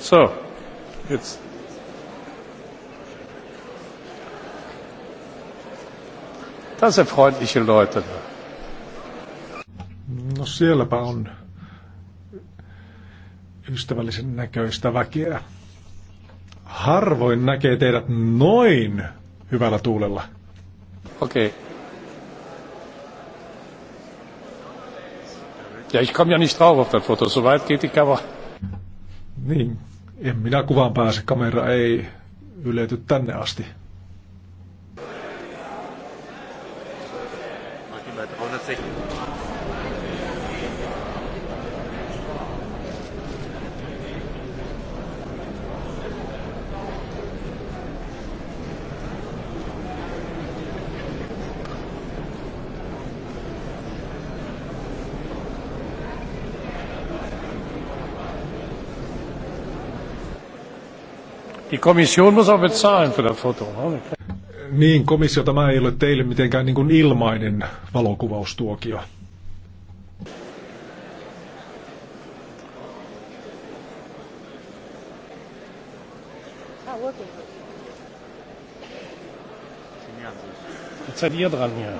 So, jetzt. Das sind freundliche Leute. No sielläpä on ystävällisen näköistä väkeä. Harvoin näkee teidät noin hyvällä tuulella. Okei. Okay. Ja, ich komme ja nicht drauf auf das Foto. So weit geht die Kamera. Niin, en minä kuvaan pääse, kamera ei ylety tänne asti. Die Kommission muss auch bezahlen für das Foto. Niin, komissio, tämä ei ole teille mitenkään niin kuin ilmainen valokuvaustuokio. Jetzt seid ihr dran hier.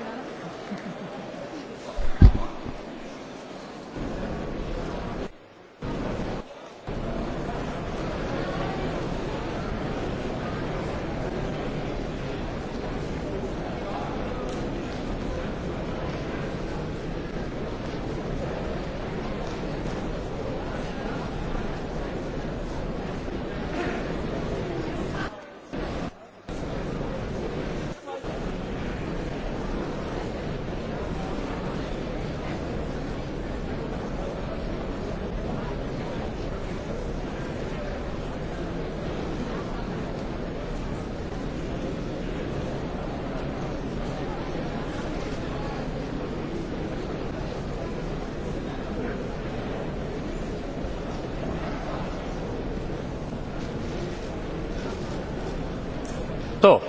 So,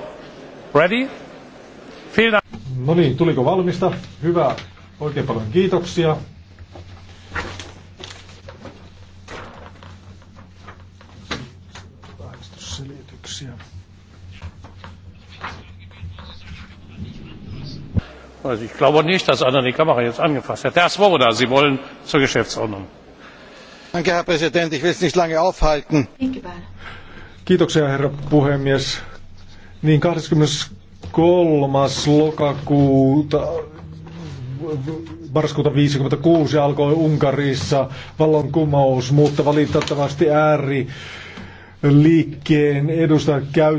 ready? No niin, tuliko valmista? Hyvä. Oikein paljon kiitoksia. Also ich glaube nicht, dass einer die Kamera jetzt angefasst hat. Herr Swoboda, Sie wollen zur Geschäftsordnung. Danke, Herr Präsident. Ich will es nicht lange aufhalten. Kiitoksia, Herr puhemies niin 23. lokakuuta marraskuuta 56 alkoi Unkarissa vallankumous, mutta valitettavasti ääri liikkeen edustajat käyttivät